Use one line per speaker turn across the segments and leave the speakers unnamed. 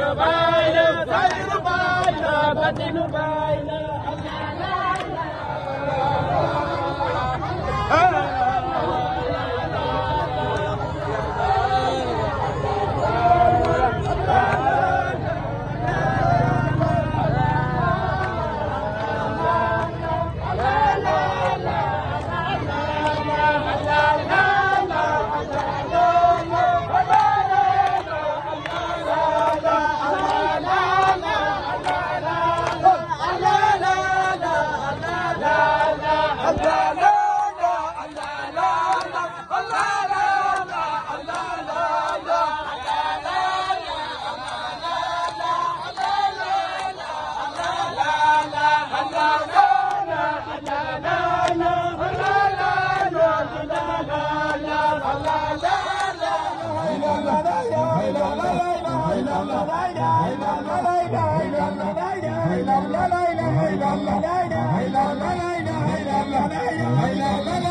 రూపాయలు పది రూపాయలు పది రూపాయలు la la la la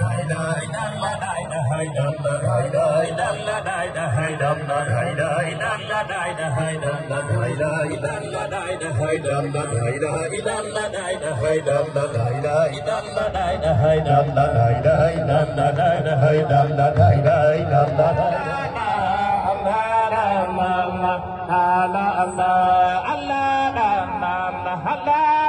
Allah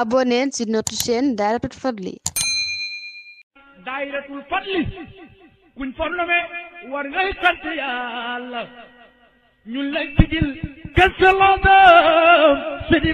abonné ci notre chaîne Dahiratoul Fadly Dahiratoul Fadly kuñ fornome war ngay sant yàlla ñun lay sigil kese loo doom sidi